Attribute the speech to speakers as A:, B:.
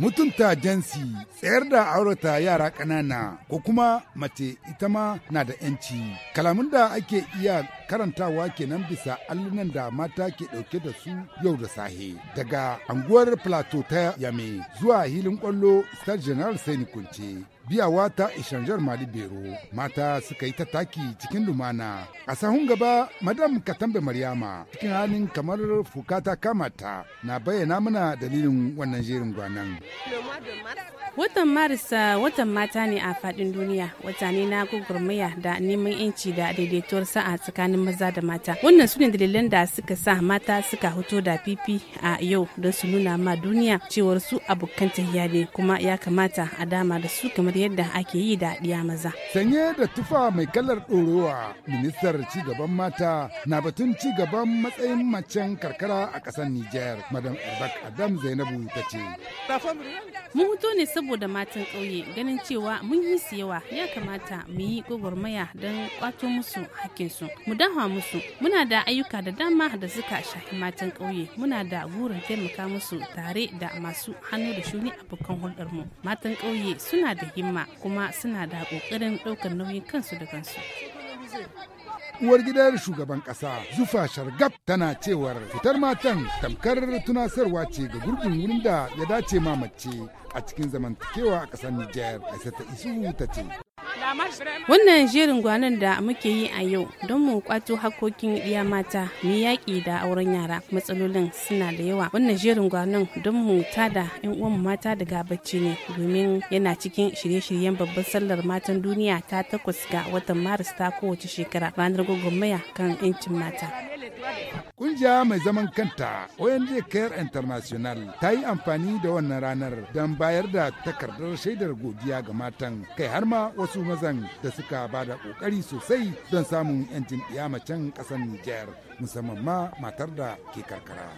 A: mutunta jansi tsayar da aurata yara ƙanana ko kuma mace ita ma na da 'yanci kalamun da ake iya karantawa kenan bisa allunan da mata ke ɗauke da su yau da sahe daga anguwar plateau ta yame zuwa hilin kwallo star general sai kunce biyawa ta ishanjar mali bero mata suka yi ta taki cikin lumana a sahun gaba madam katambe maryama cikin halin kamar fukata kamata na bayyana mana dalilin wannan jerin gwanan
B: watan marisa ah, watan mata ne a fadin duniya wata ne na gugurmaya da neman yanci da daidaituwar sa'a tsakanin maza da mata wannan su ne dalilan da suka sa mata suka hoto da fifi a yau don su nuna ma duniya cewar su abokan tahiya ne kuma ya kamata a dama da su kamar yadda ake yi da maza.
A: Sanye da tufa mai kalar ɗorowa, ministar cigaban mata na batun cigaban matsayin macen karkara a ƙasar Nijar, Madam Erbak Adam Zainabu ta ce.
B: Mun hoto ne saboda matan ƙauye ganin cewa mun yi su yawa ya kamata mu yi gwagwarmaya don ƙwato musu hakinsu. Mu dawa musu, muna da ayyuka da dama da suka shafi matan ƙauye, muna da burin taimaka musu tare da masu hannu da shuni a hulɗar hulɗarmu. Matan ƙauye suna da himma kuma suna da ƙoƙarin ɗaukar nauyin kansu da kansu.
A: uwar gidar shugaban kasa zufa shargab tana cewar fitar matan tamkar tunasarwa ce ga gurbin wurin da ya dace ma a cikin zamantakewa a ƙasar Nijar, ta Isuhu ta ce.
B: Wannan jerin gwanon da muke yi a yau don mu kwato hakokin iya mata mu yaƙi da auren yara matsalolin suna da yawa. Wannan jerin gwanon don mu tada yan uwan mata daga bacci ne domin yana cikin shirye-shiryen babbar sallar matan duniya ta takwas ga watan Maris ta kowace shekara ranar gwagwarmaya kan 'yancin mata.
A: Kungiya mai zaman kanta ONG Care International ta yi amfani da wannan ranar don bayar da takardar shaidar godiya ga matan kai har ma wasu mazan da suka ba da kokari sosai don samun 'yancin macen ƙasar Nijar musamman ma matar da ke karkara.